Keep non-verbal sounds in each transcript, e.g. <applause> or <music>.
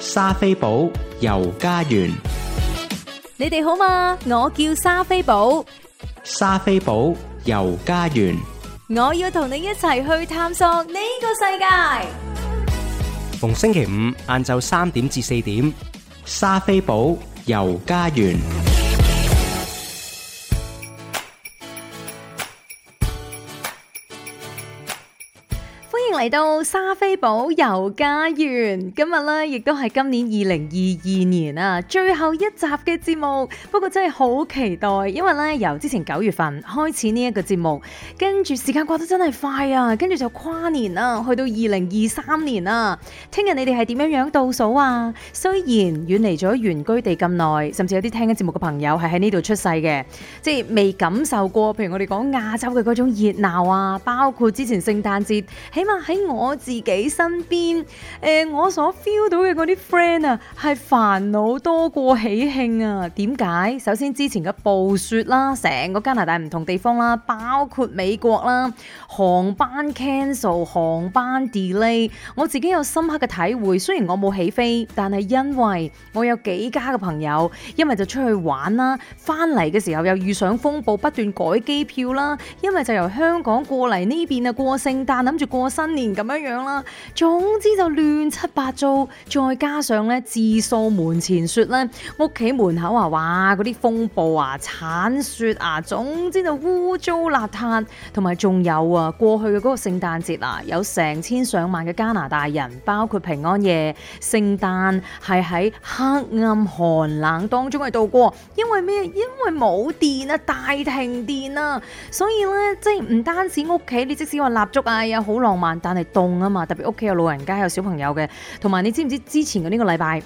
莎菲寶遊加園，你哋好嘛？我叫莎菲寶，莎菲寶遊加園，我要同你一齊去探索呢個世界。逢星期五晏晝三點至四點，莎菲寶遊加園。嚟到莎菲寶遊加園，今日咧亦都係今年二零二二年啊最後一集嘅節目，不過真係好期待，因為咧由之前九月份開始呢一個節目，跟住時間過得真係快啊，跟住就跨年啦，去到二零二三年啦。聽日你哋係點樣樣倒數啊？雖然遠離咗原居地咁耐，甚至有啲聽緊節目嘅朋友係喺呢度出世嘅，即係未感受過，譬如我哋講亞洲嘅嗰種熱鬧啊，包括之前聖誕節，起碼。喺我自己身邊，誒、呃、我所 feel 到嘅嗰啲 friend 啊，係煩惱多過喜慶啊！點解？首先之前嘅暴雪啦，成個加拿大唔同地方啦，包括美國啦，航班 cancel、航班 delay，我自己有深刻嘅體會。雖然我冇起飛，但係因為我有幾家嘅朋友因為就出去玩啦，翻嚟嘅時候又遇上風暴，不斷改機票啦，因為就由香港過嚟呢邊啊過聖誕，諗住過新年咁樣樣啦，總之就亂七八糟，再加上咧，自掃門前雪咧，屋企門口啊，哇，嗰啲風暴啊、鏟雪啊，總之就污糟邋遢，同埋仲有啊，過去嘅嗰個聖誕節啊，有成千上萬嘅加拿大人，包括平安夜、聖誕，係喺黑暗寒冷當中去度過，因為咩？因為冇電啊，大停電啊，所以咧，即係唔單止屋企，你即使話蠟燭啊，又、哎、好浪漫。但係凍啊嘛，特別屋企有老人家有小朋友嘅，同埋你知唔知之前嘅呢個禮拜？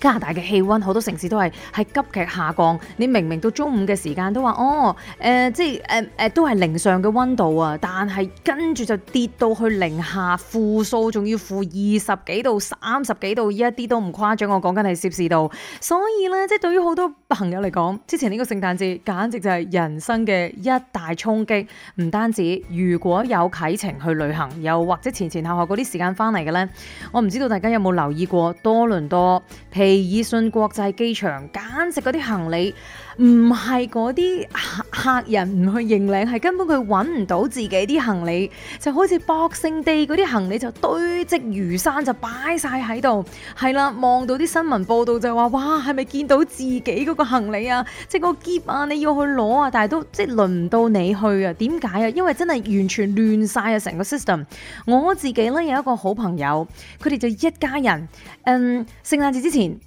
加拿大嘅氣温好多城市都係係急劇下降，你明明到中午嘅時間都話哦，誒、呃、即係誒誒都係零上嘅温度啊，但係跟住就跌到去零下負數，仲要負二十幾度、三十幾度，一啲都唔誇張。我講緊係攝氏度，所以咧即係對於好多朋友嚟講，之前呢個聖誕節簡直就係人生嘅一大衝擊。唔單止，如果有啟程去旅行，又或者前前後後嗰啲時間翻嚟嘅咧，我唔知道大家有冇留意過多倫多。皮爾遜國際機場簡直嗰啲行李。唔係嗰啲客客人唔去認領，係根本佢揾唔到自己啲行李，就好似 Boxing Day 嗰啲行李就堆積如山，就擺晒喺度，係啦，望到啲新聞報道就話，哇，係咪見到自己嗰，就是，個行李啊？即係個篋啊，你要去攞啊，但係都即係輪唔到你去啊？點解啊？因為係真係完全亂晒啊！成個 system，我自己呢，有一個好朋友，佢哋就一家人，嗯，聖誕節之前。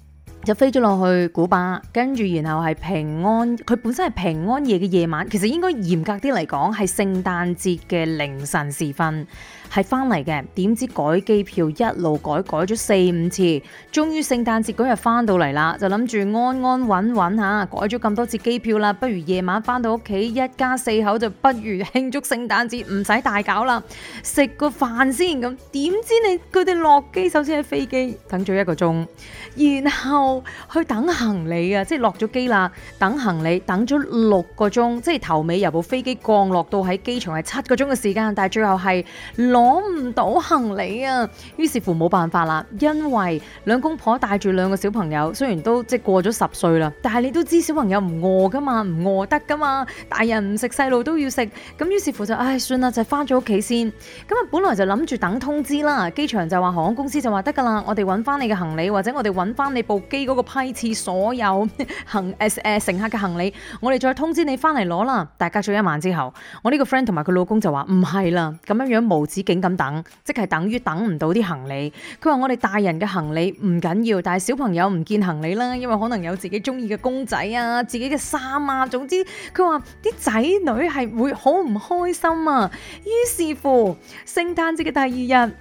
就飛咗落去古巴，跟住然後係平安，佢本身係平安夜嘅夜晚，其實應該嚴格啲嚟講係聖誕節嘅凌晨時分，係翻嚟嘅。點知改機票一路改，改咗四五次，終於聖誕節嗰日翻到嚟啦，就諗住安安穩穩吓，改咗咁多次機票啦，不如夜晚翻到屋企，一家四口就不如慶祝聖誕節，唔使大搞啦，食個飯先咁。點知你佢哋落機，首先喺飛機等咗一個鐘。然後去等行李啊，即係落咗機啦，等行李等咗六個鐘，即係頭尾由部飛機降落到喺機場係七個鐘嘅時間，但係最後係攞唔到行李啊！於是乎冇辦法啦，因為兩公婆帶住兩個小朋友，雖然都即係過咗十歲啦，但係你都知小朋友唔餓噶嘛，唔餓得噶嘛，大人唔食細路都要食，咁於是乎就唉、哎、算啦，就翻咗屋企先。咁啊，本來就諗住等通知啦，機場就話航空公司就話得噶啦，我哋揾翻你嘅行李，或者我哋揾。翻你部機嗰個批次，所有行誒誒、呃、乘客嘅行李，我哋再通知你翻嚟攞啦。大家咗一晚之後，我呢個 friend 同埋佢老公就話唔係啦，咁樣樣無止境咁等，即係等於等唔到啲行李。佢話我哋大人嘅行李唔緊要，但係小朋友唔見行李啦，因為可能有自己中意嘅公仔啊、自己嘅衫啊，總之佢話啲仔女係會好唔開心啊。於是乎，聖誕節嘅第二日。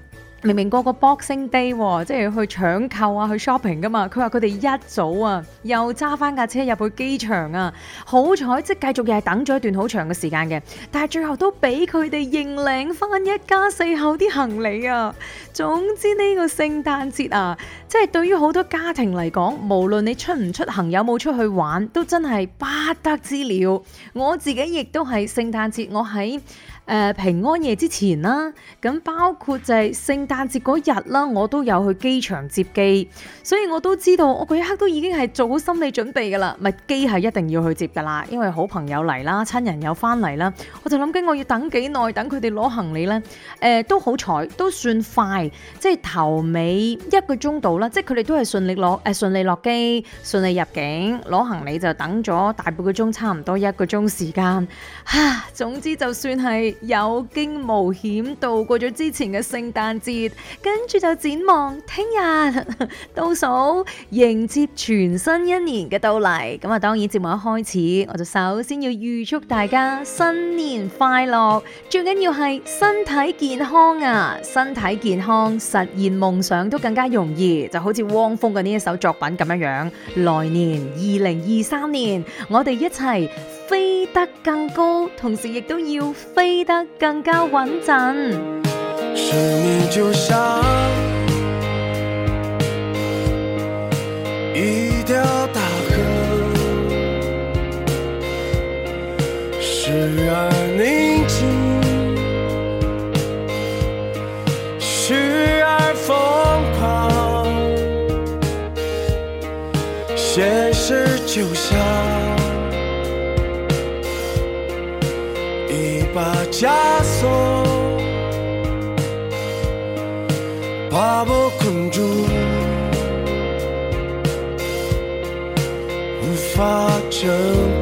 明明個個 boxing day，即係去搶購啊，去 shopping 噶嘛。佢話佢哋一早啊，又揸翻架車入去機場啊，好彩即係繼續又係等咗一段好長嘅時間嘅，但係最後都俾佢哋認領翻一家四口啲行李啊。總之呢個聖誕節啊，即係對於好多家庭嚟講，無論你出唔出行，有冇出去玩，都真係不得之了。我自己亦都係聖誕節我，我喺。誒、呃、平安夜之前啦，咁包括就係聖誕節嗰日啦，我都有去機場接機，所以我都知道，我嗰一刻都已經係做好心理準備噶啦，咪機係一定要去接噶啦，因為好朋友嚟啦，親人又翻嚟啦，我就諗緊我要等幾耐，等佢哋攞行李呢，誒、呃、都好彩，都算快，即係頭尾一個鐘到啦，即係佢哋都係順利落誒、呃、順利落機，順利入境攞行李就等咗大半個鐘，差唔多一個鐘時間。唉，總之就算係。有驚無險度過咗之前嘅聖誕節，跟住就展望聽日倒數迎接全新一年嘅到嚟。咁啊，當然節目一開始，我就首先要預祝大家新年快樂，最緊要係身體健康啊！身體健康，實現夢想都更加容易，就好似汪峰嘅呢一首作品咁樣樣。來年二零二三年，我哋一齊。飛得更高，同時亦都要飛得更加穩陣。生命就像一條大河，時而寧靜，時而瘋狂。枷鎖把我困住，無法掙。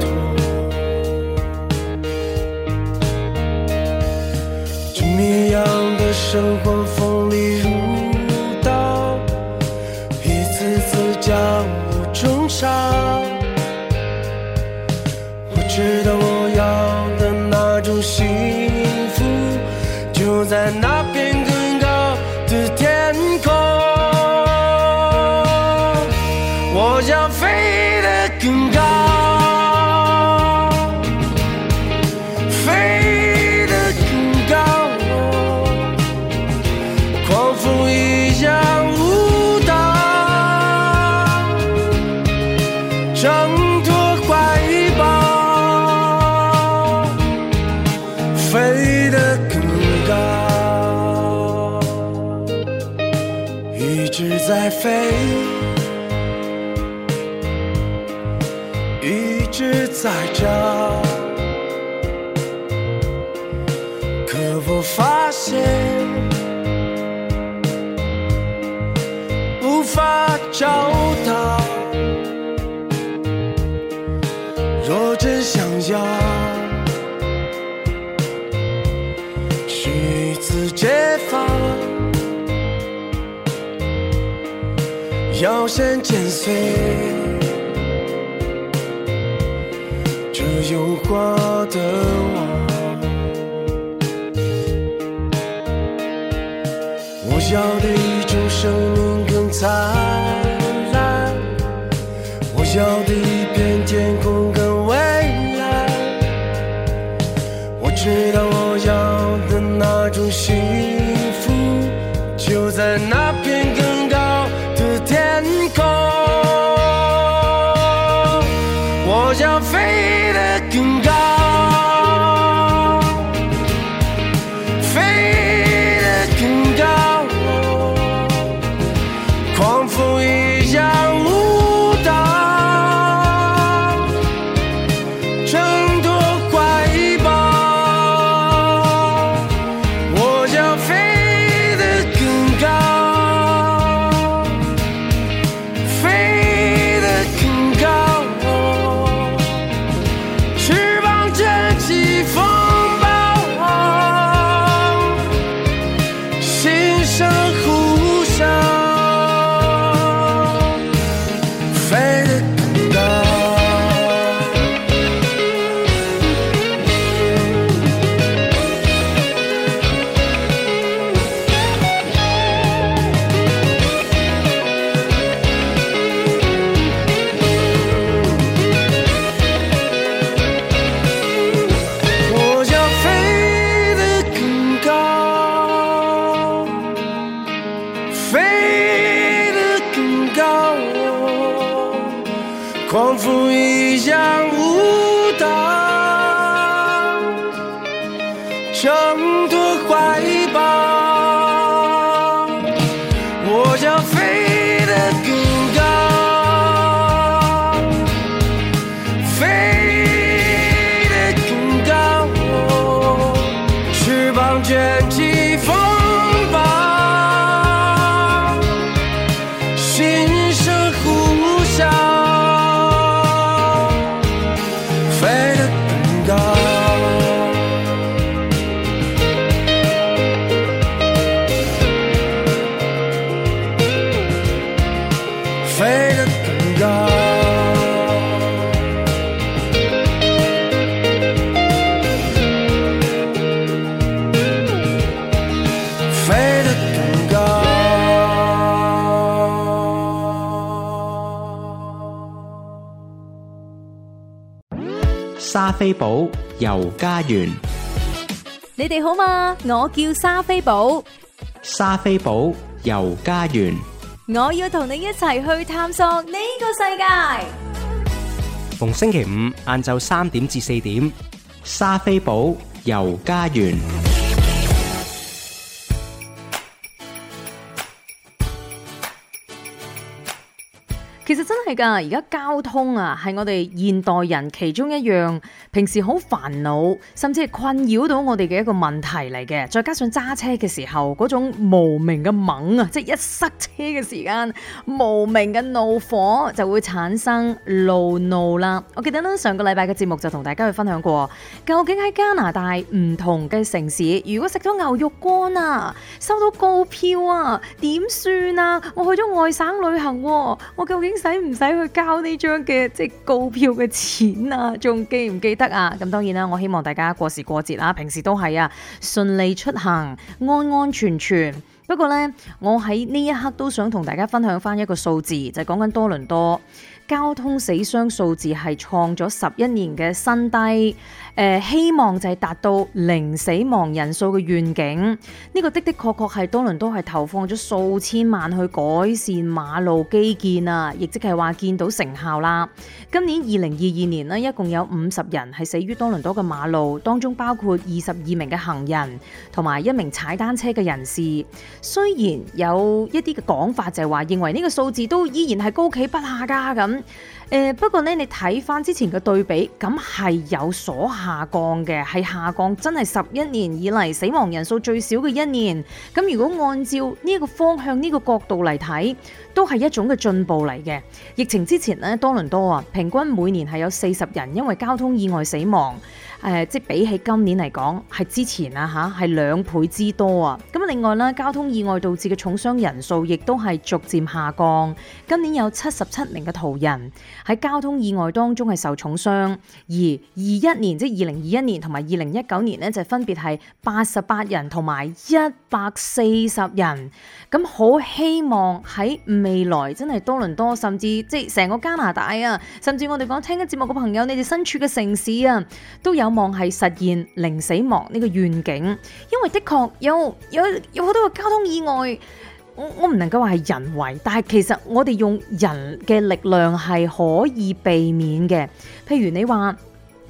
我想飛得更高。飛這油畫的我，我要的一種生命更燦爛，我要的一片天空更蔚藍。我知道我要的那種幸福就在那。莎菲寶遊加園，你哋好嘛？我叫莎菲寶，莎菲寶遊加園，我要同你一齊去探索呢個世界。逢星期五晏晝三點至四點，莎菲寶遊加園。其實真係噶，而家交通啊，係我哋現代人其中一樣平時好煩惱，甚至係困擾到我哋嘅一個問題嚟嘅。再加上揸車嘅時候，嗰種無名嘅猛啊，即係一塞車嘅時間，無名嘅怒火就會產生路怒啦。我記得呢，上個禮拜嘅節目就同大家去分享過，究竟喺加拿大唔同嘅城市，如果食咗牛肉乾啊、收到告票啊，點算啊？我去咗外省旅行啊，我究竟？使唔使去交呢張嘅，即係告票嘅錢啊？仲記唔記得啊？咁當然啦，我希望大家過時過節啦、啊，平時都係啊順利出行，安安全全。不過呢，我喺呢一刻都想同大家分享翻一個數字，就講、是、緊多倫多交通死傷數字係創咗十一年嘅新低。誒、呃、希望就係達到零死亡人數嘅願景，呢、這個的的確確係多倫多係投放咗數千萬去改善馬路基建啊，亦即係話見到成效啦。今年二零二二年呢，一共有五十人係死於多倫多嘅馬路，當中包括二十二名嘅行人同埋一名踩單車嘅人士。雖然有一啲嘅講法就係話認為呢個數字都依然係高企不下㗎咁。呃、不過呢，你睇翻之前嘅對比，咁係有所下降嘅，係下降，真係十一年以嚟死亡人數最少嘅一年。咁如果按照呢一個方向、呢個角度嚟睇，都係一種嘅進步嚟嘅。疫情之前呢，多倫多啊，平均每年係有四十人因為交通意外死亡。誒、呃，即係比起今年嚟講，係之前啊嚇係兩倍之多啊！咁另外啦，交通意外導致嘅重傷人數，亦都係逐漸下降。今年有七十七名嘅途人喺交通意外當中係受重傷，而二一年即二零二一年同埋二零一九年呢，就分別係八十八人同埋一百四十人。咁好希望喺未來真係多倫多，甚至即係成個加拿大啊，甚至我哋講聽緊節目嘅朋友，你哋身處嘅城市啊，都有。有望係實現零死亡呢個願景，因為的確有有有好多個交通意外，我我唔能夠話係人為，但係其實我哋用人嘅力量係可以避免嘅，譬如你話，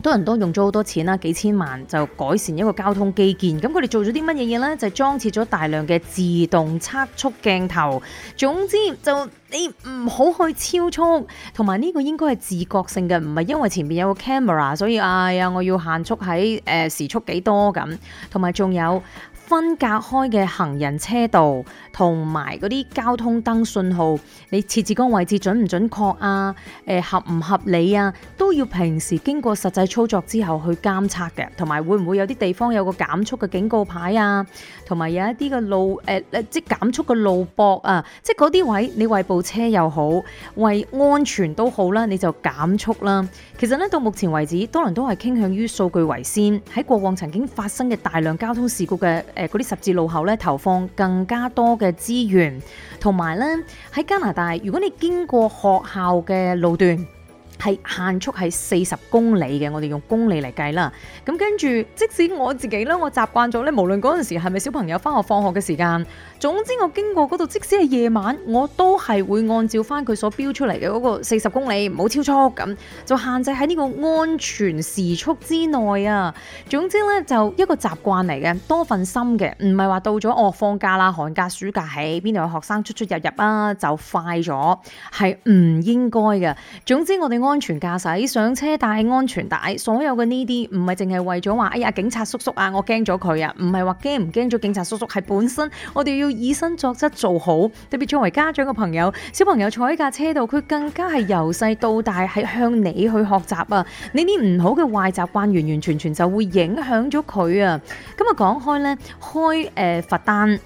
多人多用咗好多錢啦，幾千萬就改善一個交通基建。咁佢哋做咗啲乜嘢嘢呢？就裝設咗大量嘅自動測速鏡頭。總之就你唔好去超速，同埋呢個應該係自覺性嘅，唔係因為前面有個 camera，所以哎呀我要限速喺誒時速幾多咁。同埋仲有。分隔開嘅行人車道同埋嗰啲交通燈信號，你設置嗰個位置準唔準確啊？誒、呃，合唔合理啊？都要平時經過實際操作之後去監測嘅，同埋會唔會有啲地方有個減速嘅警告牌啊？同埋有，有一啲嘅路誒、呃，即減速嘅路膊啊，即係嗰啲位置，你為部車又好，為安全都好啦，你就減速啦。其實呢，到目前為止，多倫多係傾向於數據為先，喺過往曾經發生嘅大量交通事故嘅。呃，嗰啲十字路口呢，投放更加多嘅資源，同埋咧喺加拿大，如果你經過學校嘅路段，係限速係四十公里嘅，我哋用公里嚟計啦。咁跟住，即使我自己咧，我習慣咗咧，無論嗰陣時係咪小朋友翻學放學嘅時間，總之我經過嗰度，即使係夜晚，我都係會按照翻佢所標出嚟嘅嗰個四十公里，唔好超速咁，就限制喺呢個安全時速之內啊。總之咧，就一個習慣嚟嘅，多份心嘅，唔係話到咗我放假啦，寒假暑假喺邊度有學生出出入入啊，就快咗係唔應該嘅。總之我哋。安全駕駛，上車帶安全帶，所有嘅呢啲唔係淨係為咗話，哎呀警察叔叔啊，我驚咗佢啊，唔係話驚唔驚咗警察叔叔，係本身我哋要以身作則做好。特別作為家長嘅朋友，小朋友坐喺架車度，佢更加係由細到大係向你去學習啊！你啲唔好嘅壞習慣，完完全全就會影響咗佢啊！咁啊，講開呢，開誒罰單，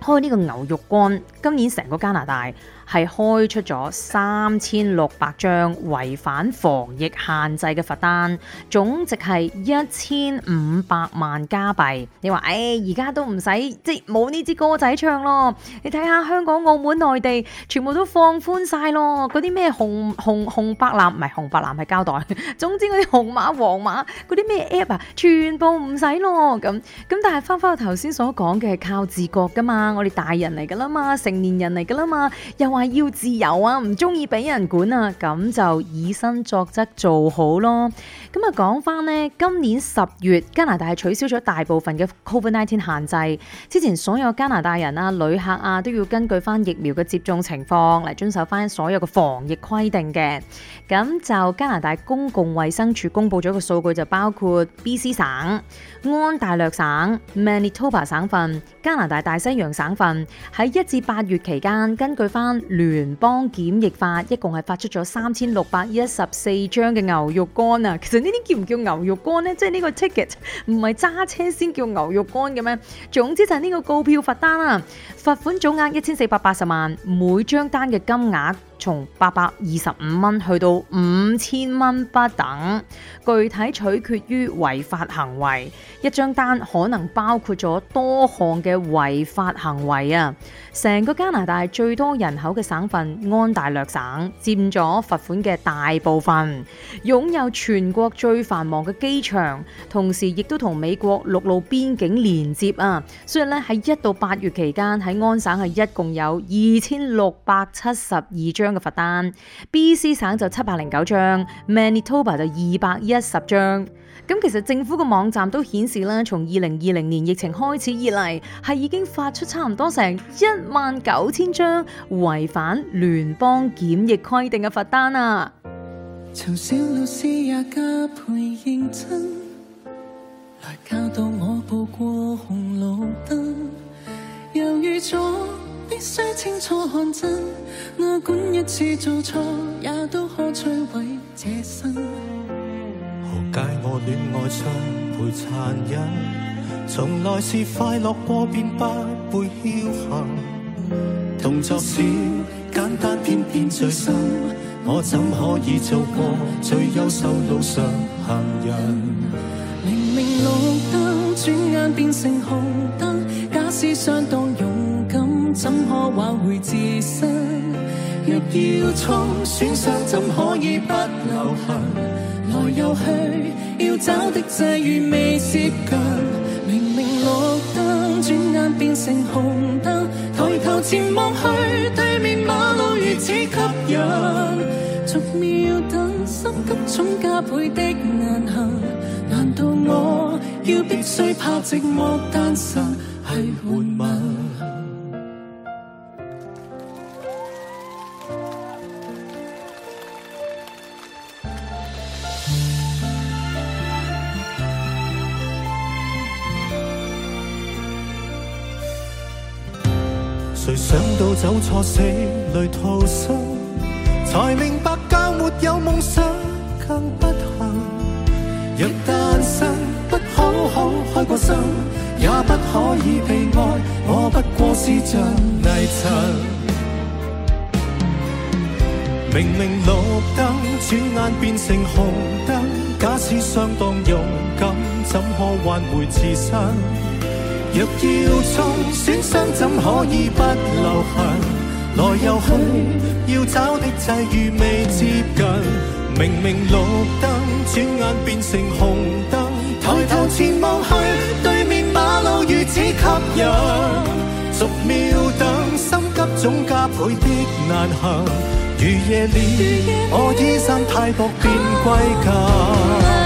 開呢個牛肉乾，今年成個加拿大。係開出咗三千六百張違反防疫限制嘅罰單，總值係一千五百萬加幣。你話誒，而家都唔使即冇呢支歌仔唱咯。你睇下香港、澳門、內地，全部都放寬晒咯。嗰啲咩紅紅紅白藍唔係紅白藍，係膠袋，總之嗰啲紅馬、黃馬，嗰啲咩 app 啊，全部唔使咯。咁咁但係翻翻我頭先所講嘅係靠自覺噶嘛，我哋大人嚟噶啦嘛，成年人嚟噶啦嘛，又。話要自由啊，唔中意俾人管啊，咁就以身作則做好咯。咁啊，講翻咧，今年十月加拿大係取消咗大部分嘅 COVID-19 限制。之前所有加拿大人啊、旅客啊都要根據翻疫苗嘅接種情況嚟遵守翻所有嘅防疫規定嘅。咁就加拿大公共衛生署公布咗個數據，就包括 BC 省、安大略省、Manitoba 省份、加拿大大西洋省份喺一至八月期間，根據翻。聯邦檢疫法一共係發出咗三千六百一十四張嘅牛肉乾啊！其實呢啲叫唔叫牛肉乾呢？即係呢個 ticket 唔係揸車先叫牛肉乾嘅咩？總之就係呢個告票罰單啦，罰款總額一千四百八十萬，每張單嘅金額。從八百二十五蚊去到五千蚊不等，具體取決於違法行為。一張單可能包括咗多項嘅違法行為啊！成個加拿大最多人口嘅省份安大略省佔咗罰款嘅大部分，擁有全國最繁忙嘅機場，同時亦都同美國陸路邊境連接啊！所以咧，喺一到八月期間，喺安省係一共有二千六百七十二張。嘅罰單，BC 省就七百零九張，Manitoba 就二百一十張。咁其實政府嘅網站都顯示啦，從二零二零年疫情開始以嚟，係已經發出差唔多成一萬九千張違反聯邦檢疫規定嘅罰單啊！必須清楚看真，我管一次做錯，也都可摧毀這生。何解我戀愛雙倍殘忍？從來是快樂過簡簡便不會僥幸。動作是簡單，偏偏最深。我怎可以做個最優秀路上行人？明明綠燈，轉眼變成紅燈。假使相當勇。怎可挽回自身？若要衝，損傷怎可以不留痕？來又去，要找的際遇未接近。明明綠燈，轉眼變成紅燈。抬頭前望去，對面馬路如此吸引。逐秒等，心急總加倍的難行。難道我要必須怕寂寞單身？係玩物。走錯死裏逃生，才明白教沒有夢想更不幸。若單身不可好好開過心，也不可以被愛。我不過是像泥塵。明明綠燈，轉眼變成紅燈。假使相當勇敢，怎可挽回自身？若要衝，損傷怎可以不留痕？來又去，要找的際遇未接近。明明綠燈，轉眼變成紅燈。抬頭前望去，對面馬路如此吸引。逐秒等，心急總加倍的難行。如夜裏，我衣衫太薄，便歸家。啊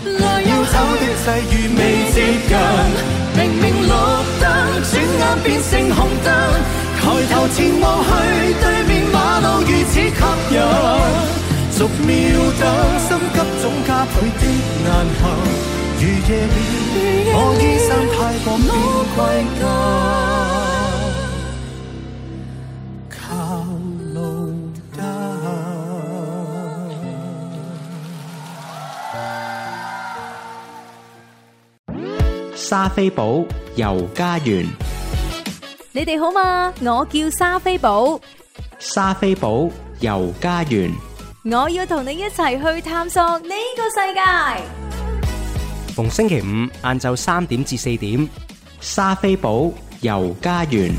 來要走的際遇未接近，明明綠燈，轉眼變成紅燈。抬頭前望去，對面馬路如此吸引。逐秒等心急總加倍的難行。如夜了，我衣衫太薄，便歸家。莎菲寶遊加園，你哋好嘛？我叫莎菲寶，莎菲寶遊加園，我要同你一齊去探索呢個世界。逢星期五晏晝三點至四點，莎菲寶遊加園。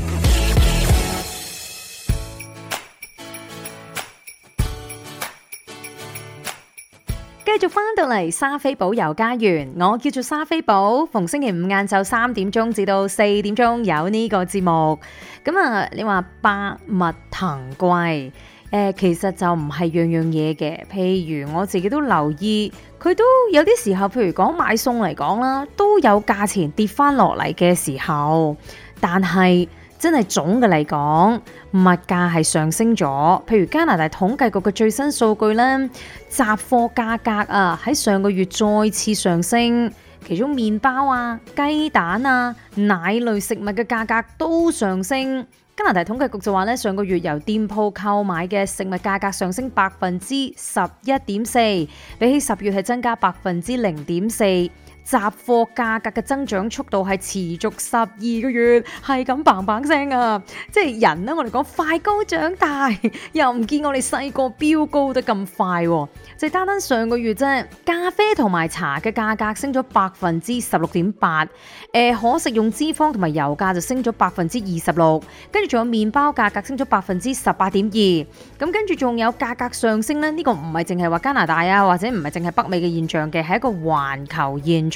就翻到嚟莎菲寶遊加園，我叫做莎菲寶，逢星期五晏晝三點鐘至到四點鐘有呢個節目。咁、嗯、啊，你話百物騰貴，誒、呃，其實就唔係樣樣嘢嘅。譬如我自己都留意，佢都有啲時候，譬如講買餸嚟講啦，都有價錢跌翻落嚟嘅時候，但係。真係總嘅嚟講，物價係上升咗。譬如加拿大統計局嘅最新數據咧，雜貨價格啊，喺上個月再次上升，其中麵包啊、雞蛋啊、奶類食物嘅價格都上升。加拿大統計局就話呢，上個月由店鋪購買嘅食物價格上升百分之十一點四，比起十月係增加百分之零點四。雜貨價格嘅增長速度係持續十二個月，係咁棒棒聲啊！即係人呢、啊，我哋講快高長大，又唔見我哋細個飆高得咁快喎。就係、單單上個月啫，咖啡同埋茶嘅價格升咗百分之十六點八，誒可食用脂肪同埋油價就升咗百分之二十六，跟住仲有麵包價格升咗百分之十八點二。咁跟住仲有價格上升咧，呢、呢個唔係淨係話加拿大啊，或者唔係淨係北美嘅現象嘅，係一個環球現象。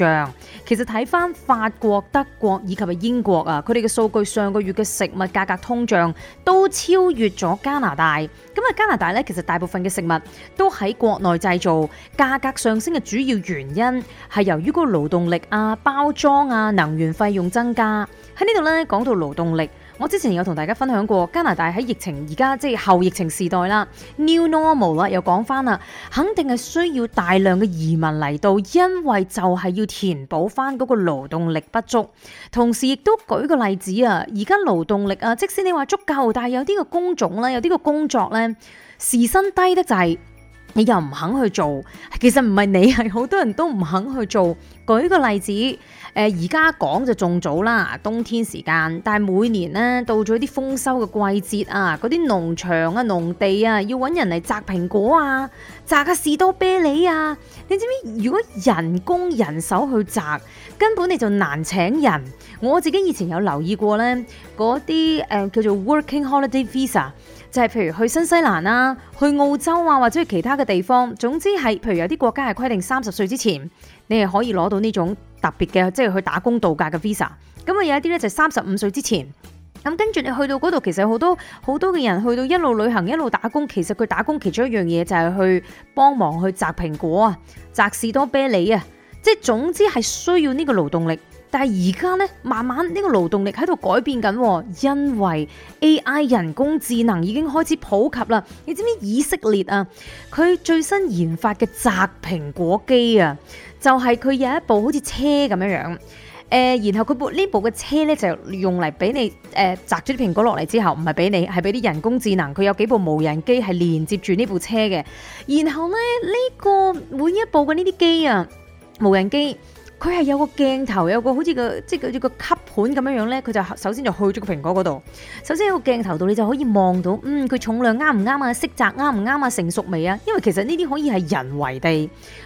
其實睇翻法國、德國以及嘅英國啊，佢哋嘅數據上個月嘅食物價格通脹都超越咗加拿大。咁啊，加拿大咧其實大部分嘅食物都喺國內製造，價格上升嘅主要原因係由於個勞動力啊、包裝啊、能源費用增加。喺呢度咧，講到勞動力。我之前有同大家分享過加拿大喺疫情，而家即係後疫情時代啦，New Normal 啦，又講翻啦，肯定係需要大量嘅移民嚟到，因為就係要填補翻嗰個勞動力不足。同時亦都舉個例子啊，而家勞動力啊，即使你話足夠，但係有啲個工種咧，有啲個工作咧，時薪低得滯。你又唔肯去做，其實唔係你係好多人都唔肯去做。舉個例子，誒，而家講就仲早啦，冬天時間。但係每年呢，到咗啲豐收嘅季節啊，嗰啲農場啊、農地啊，要揾人嚟摘蘋果啊、摘個士多啤梨啊。你知唔知如果人工人手去摘，根本你就難請人。我自己以前有留意過呢嗰啲誒叫做 Working Holiday Visa。就係譬如去新西蘭啊，去澳洲啊，或者去其他嘅地方，總之係譬如有啲國家係規定三十歲之前，你係可以攞到呢種特別嘅，即係去打工度假嘅 Visa。咁啊有啲咧就三十五歲之前，咁跟住你去到嗰度，其實好多好多嘅人去到一路旅行一路打工，其實佢打工其中一樣嘢就係去幫忙去摘蘋果啊，摘士多啤梨啊，即係總之係需要呢個勞動力。但係而家呢，慢慢呢個勞動力喺度改變緊，因為 AI 人工智能已經開始普及啦。你知唔知以色列啊？佢最新研發嘅摘蘋果機啊，就係、是、佢有一部好似車咁樣樣。誒、呃，然後佢部呢部嘅車呢，就用嚟俾你誒、呃、摘咗啲蘋果落嚟之後，唔係俾你，係俾啲人工智能。佢有幾部無人機係連接住呢部車嘅。然後呢，呢、呢個每一部嘅呢啲機啊，無人機。佢係有個鏡頭，有個好似個即係個個吸盤咁樣樣咧，佢就首先就去咗個蘋果嗰度。首先有個鏡頭度你就可以望到，嗯，佢重量啱唔啱啊，色澤啱唔啱啊，成熟未啊？因為其實呢啲可以係人為地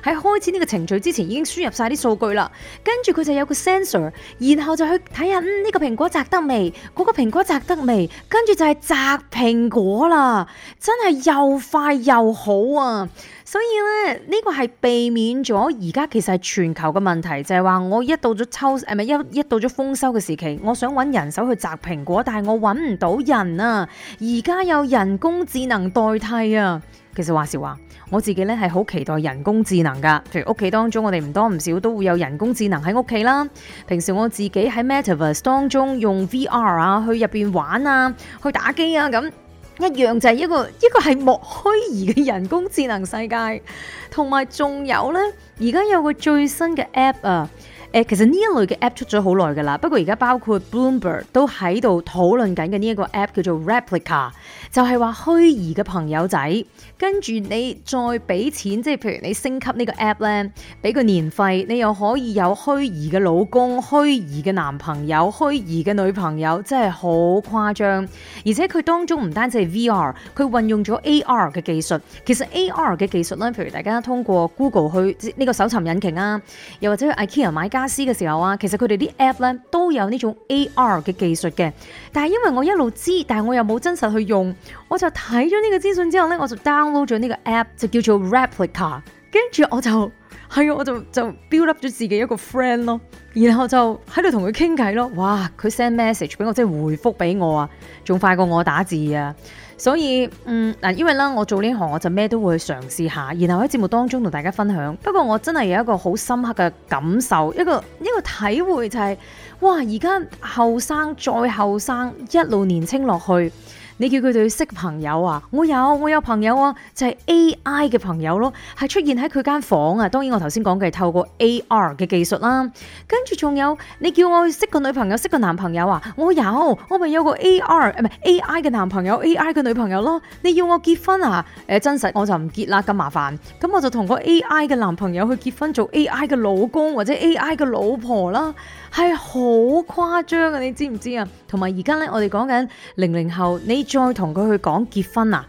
喺開始呢個程序之前已經輸入晒啲數據啦。跟住佢就有個 sensor，然後就去睇下，嗯，呢個蘋果摘得未？嗰個蘋果摘得未？跟住就係摘蘋果啦！真係又快又好啊！所以咧，呢個係避免咗而家其實係全球嘅問題，就係話我一到咗秋，誒咪一一到咗豐收嘅時期，我想揾人手去摘蘋果，但係我揾唔到人啊！而家有人工智能代替啊。其實話時話，我自己咧係好期待人工智能噶，譬如屋企當中我哋唔多唔少都會有人工智能喺屋企啦。平時我自己喺 Metaverse 當中用 VR 啊，去入邊玩啊，去打機啊咁。一樣就係一個一個係莫虛擬嘅人工智能世界，同埋仲有呢，而家有個最新嘅 app 啊！誒、欸，其實呢一類嘅 app 出咗好耐㗎啦，不過而家包括 Bloomberg 都喺度討論緊嘅呢一個 app 叫做 Replica，就係話虛擬嘅朋友仔，跟住你再俾錢，即係譬如你升級呢個 app 咧，俾個年費，你又可以有虛擬嘅老公、虛擬嘅男朋友、虛擬嘅女朋友，真係好誇張。而且佢當中唔單止係 VR，佢運用咗 AR 嘅技術。其實 AR 嘅技術咧，譬如大家通過 Google 去呢個搜尋引擎啊，又或者去 IKEA 買傢加私嘅時候啊，其實佢哋啲 app 咧都有呢種 AR 嘅技術嘅，但係因為我一路知，但係我又冇真實去用，我就睇咗呢個資訊之後咧，我就 download 咗呢個 app 就叫做 Replika，跟住我就係啊，我就就 build up 咗自己一個 friend 咯，然後就喺度同佢傾偈咯，哇，佢 send message 俾我即係回復俾我啊，仲快過我打字啊！所以，嗯，嗱，因為咧，我做呢行我就咩都會去嘗試下，然後喺節目當中同大家分享。不過我真係有一個好深刻嘅感受，一個一個體會就係，哇！而家後生再後生，一路年青落去。你叫佢哋去識朋友啊？我有，我有朋友啊，就係 AI 嘅朋友咯，係出現喺佢間房啊。當然我頭先講嘅係透過 AR 嘅技術啦。跟住仲有，你叫我去識個女朋友、識個男朋友啊？我有，我咪有個 AR 唔係 AI 嘅男朋友、AI 嘅女朋友咯。你要我結婚啊？誒，真實我就唔結啦，咁麻煩。咁我就同個 AI 嘅男朋友去結婚，做 AI 嘅老公或者 AI 嘅老婆啦。係好誇張啊！你知唔知啊？同埋而家咧，我哋講緊零零後，你再同佢去講結婚啊，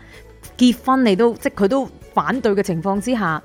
結婚你都，即佢都反對嘅情況之下，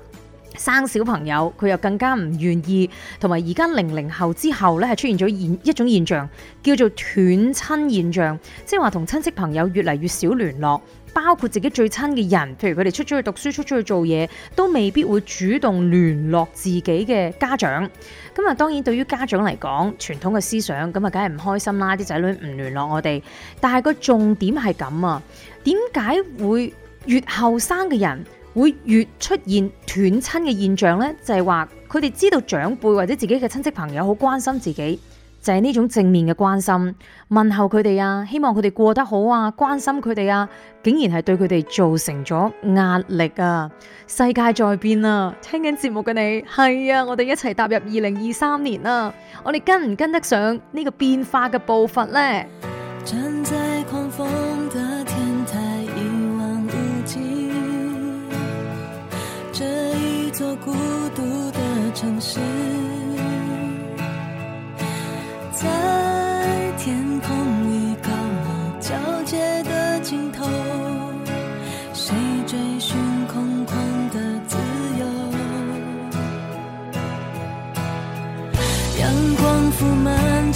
生小朋友佢又更加唔願意。同埋而家零零後之後咧，係出現咗現一種現象，叫做斷親現象，即係話同親戚朋友越嚟越少聯絡。包括自己最親嘅人，譬如佢哋出咗去讀書、出咗去做嘢，都未必會主動聯絡自己嘅家長。咁啊，當然對於家長嚟講，傳統嘅思想，咁啊，梗係唔開心啦。啲仔女唔聯絡我哋，但係個重點係咁啊，點解會越後生嘅人會越出現斷親嘅現象咧？就係話佢哋知道長輩或者自己嘅親戚朋友好關心自己。就係、是、呢種正面嘅關心問候佢哋啊，希望佢哋過得好啊，關心佢哋啊，竟然係對佢哋造成咗壓力啊。世界在變啊，聽緊節目嘅你係啊，我哋一齊踏入二零二三年啊。我哋跟唔跟得上呢個變化嘅步伐呢？站在狂風的天台，無這一望咧？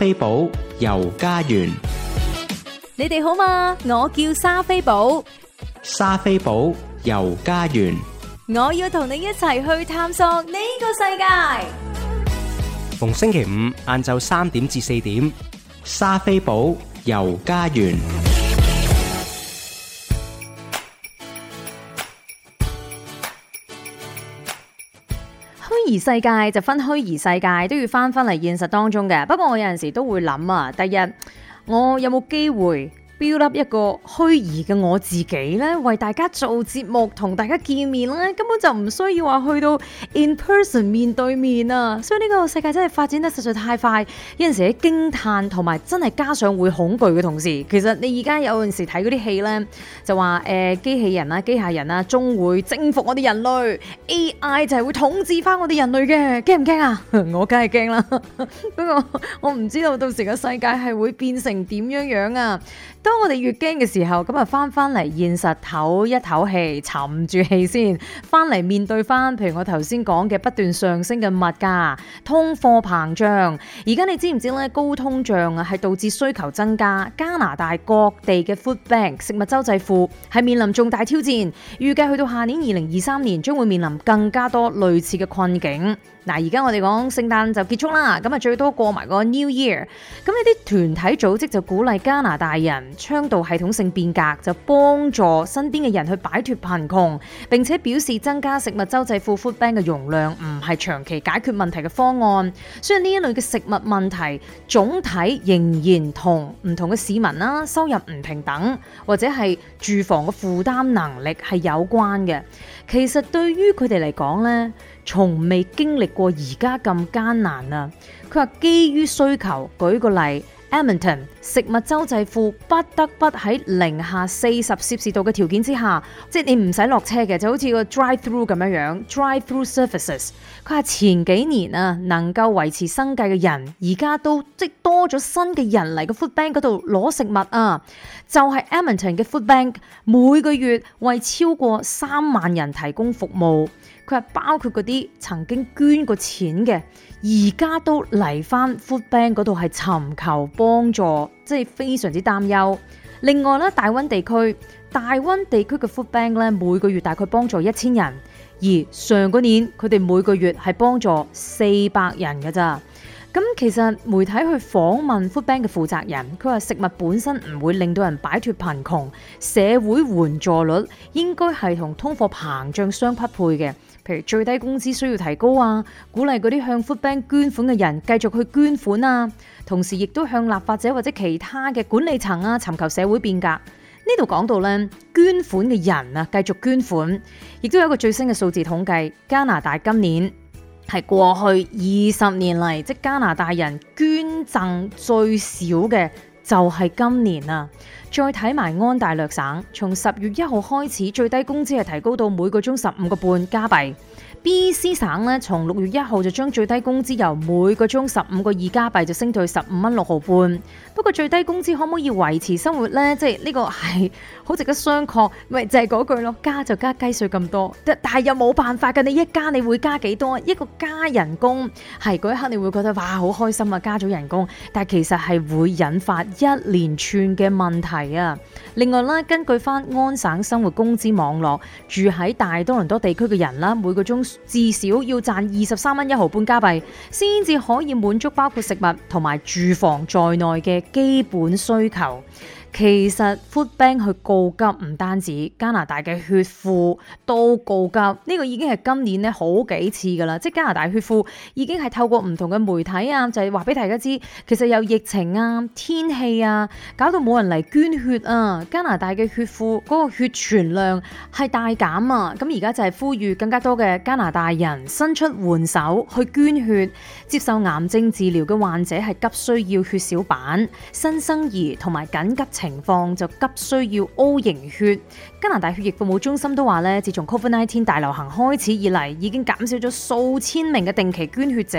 莎菲寶遊加園，你哋好嗎？我叫莎菲寶，莎菲寶遊加園，我要同你一齊去探索呢個世界。逢星期五晏晝三點至四點，莎菲寶遊加園。而世界就分虛擬世界，都要翻返嚟現實當中嘅。不過我有陣時都會諗啊，第一我有冇機會？Build up 一個虛擬嘅我自己咧，為大家做節目，同大家見面咧，根本就唔需要話去到 in person 面對面啊！所以呢個世界真係發展得實在太快，有陣時喺驚嘆同埋真係加上會恐懼嘅同時，其實你而家有陣時睇嗰啲戲咧，就話誒機器人啊、機械人啊，終會征服我哋人類，AI 就係會統治翻我哋人類嘅，驚唔驚啊？ <laughs> 我梗係驚啦，不過我唔知道到時個世界係會變成點樣樣啊！當我哋越驚嘅時候，咁啊翻返嚟現實唞一唞氣，沉住氣先，翻嚟面對翻。譬如我頭先講嘅不斷上升嘅物價、通貨膨脹，而家你知唔知呢？高通脹啊，係導致需求增加。加拿大各地嘅 food bank 食物周濟庫係面臨重大挑戰，預計去到下年二零二三年將會面臨更加多類似嘅困境。嗱，而家我哋講聖誕就結束啦，咁啊最多過埋個 New Year。咁呢啲團體組織就鼓勵加拿大人倡導系統性變革，就幫助身邊嘅人去擺脫貧窮，並且表示增加食物周際庫 Food Bank 嘅容量唔係長期解決問題嘅方案。雖然呢一類嘅食物問題，總體仍然同唔同嘅市民啦、收入唔平等或者係住房嘅負擔能力係有關嘅。其實對於佢哋來講呢，從未經歷過而家咁艱難啊！佢話基於需求，舉個例。Edmonton 食物周濟庫不得不喺零下四十攝氏度嘅條件之下，即係你唔使落車嘅，就好似個 drive through 咁樣樣，drive through services。佢話前幾年啊，能夠維持生計嘅人，而家都即多咗新嘅人嚟個 food bank 度攞食物啊。就係、是、Edmonton 嘅 food bank，每個月為超過三萬人提供服務，佢話包括嗰啲曾經捐過錢嘅。而家都嚟返 Food Bank 嗰度係尋求幫助，即係非常之擔憂。另外呢，大溫地區大溫地區嘅 Food Bank 呢，每個月大概幫助一千人，而上個年佢哋每個月係幫助四百人㗎咋。咁其實媒體去訪問 Food Bank 嘅負責人，佢話食物本身唔會令到人擺脫貧窮，社會援助率應該係同通貨膨脹相匹配嘅。譬如最低工資需要提高啊，鼓勵嗰啲向 Food Bank 捐款嘅人繼續去捐款啊，同時亦都向立法者或者其他嘅管理層啊尋求社會變革。呢度講到呢，捐款嘅人啊繼續捐款，亦都有一個最新嘅數字統計，加拿大今年。係過去二十年嚟，即加拿大人捐贈最少嘅就係今年啦。再睇埋安大略省，從十月一號開始最低工資係提高到每個鐘十五個半加幣。BC 省咧，從六月一號就將最低工資由每個鐘十五個二加幣就升到去十五蚊六毫半。不過最低工資可唔可以維持生活咧？即係呢、這個係好值得商榷。咪就係、是、嗰句咯，加就加雞碎咁多，但係又冇辦法㗎。你一加你會加幾多？一個加人工係嗰一刻你會覺得哇好開心啊，加咗人工，但係其實係會引發一連串嘅問題。係啊，另外啦，根據翻安省生活工資網絡，住喺大多倫多地區嘅人啦，每個鐘至少要賺二十三蚊一毫半加幣，先至可以滿足包括食物同埋住房在內嘅基本需求。其實 Food Bank 去告急，唔單止加拿大嘅血庫都告急，呢、這個已經係今年咧好幾次㗎喇。即係加拿大血庫已經係透過唔同嘅媒體啊，就係話俾大家知，其實有疫情啊、天氣啊，搞到冇人嚟捐血啊，加拿大嘅血庫嗰、那個血存量係大減啊。咁而家就係呼籲更加多嘅加拿大人伸出援手去捐血。接受癌症治療嘅患者係急需要血小板、新生兒同埋緊急。情況就急需要 O 型血。加拿大血液服務中心都話咧，自從 COVID-19 大流行開始以嚟，已經減少咗數千名嘅定期捐血者。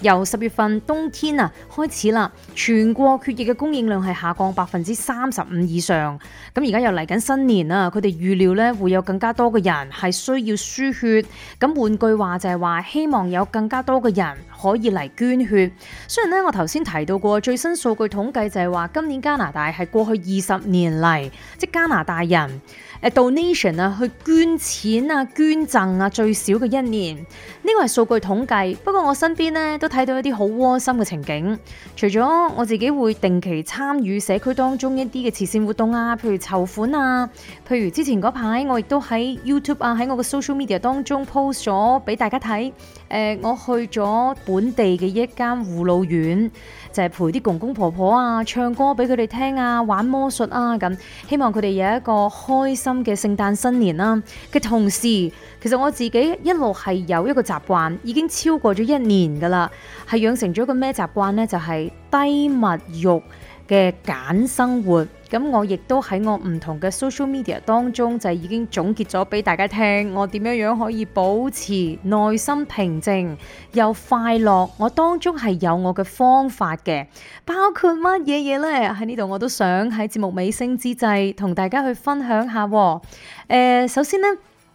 由十月份冬天啊開始啦，全國血液嘅供應量係下降百分之三十五以上。咁而家又嚟緊新年啊，佢哋預料咧會有更加多嘅人係需要輸血。咁換句話就係話，希望有更加多嘅人可以嚟捐血。雖然呢，我頭先提到過最新數據統計就係話，今年加拿大係過去二十年嚟，即加拿大人，誒 donation 啊，去捐錢啊、捐贈啊，最少嘅一年，呢個係數據統計。不過我身邊呢都睇到一啲好窩心嘅情景。除咗我自己會定期參與社區當中一啲嘅慈善活動啊，譬如籌款啊，譬如之前嗰排我亦都喺 YouTube 啊，喺我嘅 social media 當中 post 咗俾大家睇。誒、呃，我去咗本地嘅一間護老院。就係、是、陪啲公公婆、婆婆啊，唱歌俾佢哋聽啊，玩魔術啊咁，希望佢哋有一個開心嘅聖誕新年啦、啊。嘅同時，其實我自己一路係有一個習慣，已經超過咗一年㗎喇，係養成咗個咩習慣呢？就係、是、低物慾嘅簡生活。咁我亦都喺我唔同嘅 social media 當中就已經總結咗俾大家聽，我點樣樣可以保持內心平靜又快樂？我當中係有我嘅方法嘅，包括乜嘢嘢咧？喺呢度我都想喺節目尾聲之際同大家去分享下哦。呃，首先咧，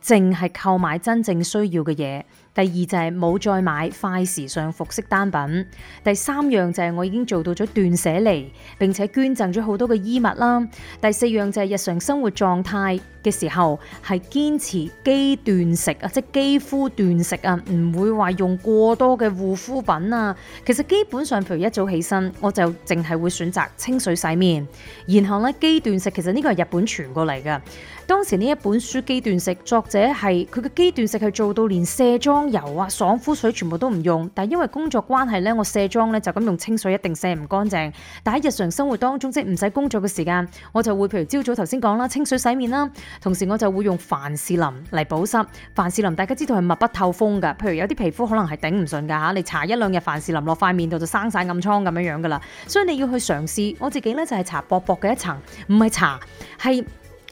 淨係購買真正需要嘅嘢。第二就係冇再買快時尚服飾單品。第三樣就係我已經做到咗斷捨離，並且捐贈咗好多嘅衣物啦。第四樣就係日常生活狀態嘅時候係堅持肌斷食啊，即係肌膚斷食啊，唔會話用過多嘅護膚品啊。其實基本上譬如一早起身，我就淨係會選擇清水洗面，然後咧肌斷食。其實呢個係日本傳過嚟嘅。當時呢一本書肌斷食，作者係佢嘅肌斷食係做到連卸妝油啊、爽膚水全部都唔用。但係因為工作關係咧，我卸妝咧就咁用清水一定卸唔乾淨。但喺日常生活當中，即唔使工作嘅時間，我就會譬如朝早頭先講啦，清水洗面啦。同時我就會用凡士林嚟保濕。凡士林大家知道係密不透風㗎，譬如有啲皮膚可能係頂唔順㗎，你搽一兩日凡士林落塊面度就生晒暗瘡咁樣樣㗎啦。所以你要去嘗試，我自己呢就係搽薄薄嘅一層，唔係搽係，是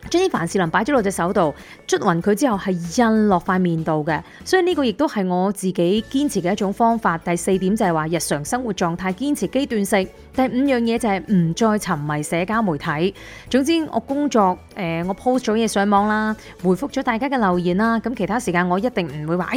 將啲凡士林擺咗落隻手度，捽勻佢之後係印落塊面度嘅，所以呢個亦都係我自己堅持嘅一種方法。第四點就係話日常生活狀態堅持機斷食。第五樣嘢就係唔再沉迷社交媒體。總之我工作誒、呃、我 post 咗嘢上網啦，回覆咗大家嘅留言啦，咁其他時間我一定唔會話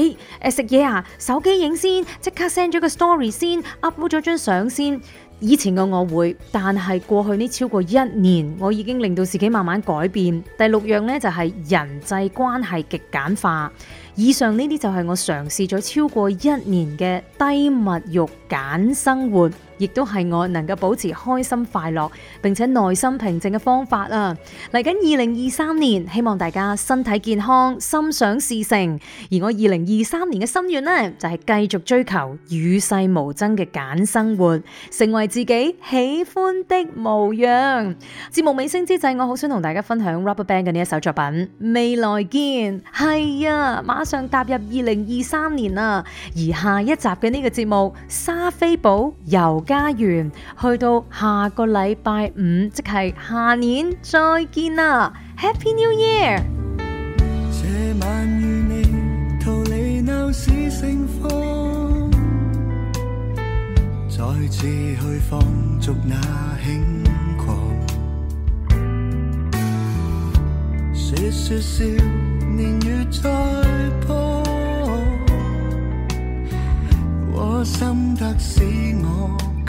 誒食嘢啊，手機影先，即刻 send 咗個 story 先，upload 咗張相先。以前嘅我會，但係過去呢超過一年，我已經令到自己慢慢改變。第六樣呢，就係、是、人際關係極簡化。以上呢啲就係我嘗試咗超過一年嘅低物慾簡生活。亦都係我能夠保持開心快樂並且內心平靜嘅方法啊！嚟緊二零二三年，希望大家身體健康、心想事成。而我二零二三年嘅心願呢，就係、是、繼續追求與世無爭嘅簡生活，成為自己喜歡的模樣。節目尾聲之際，我好想同大家分享 Rubberband 嘅呢一首作品《未來見》。係啊，馬上踏入二零二三年啦！而下一集嘅呢個節目，莎菲寶又。家園，去到下個禮拜五，即係下年再見啦！Happy New Year！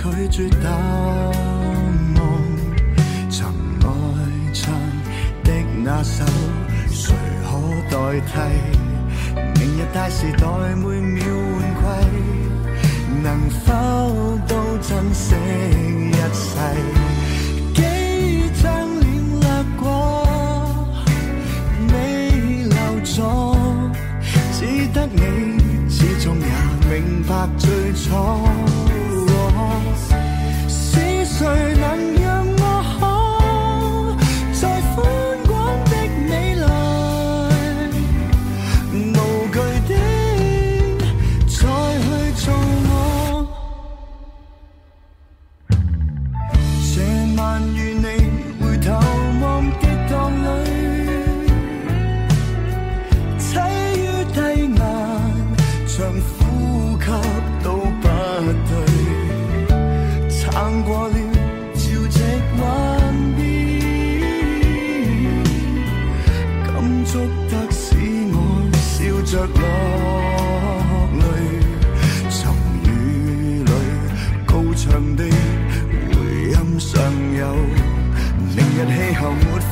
拒絕答案，曾愛唱的那首，誰可代替？明日大時代，每秒換季，能否都珍惜一世？幾張臉掠過，未留座，只得你，始終也明白最初。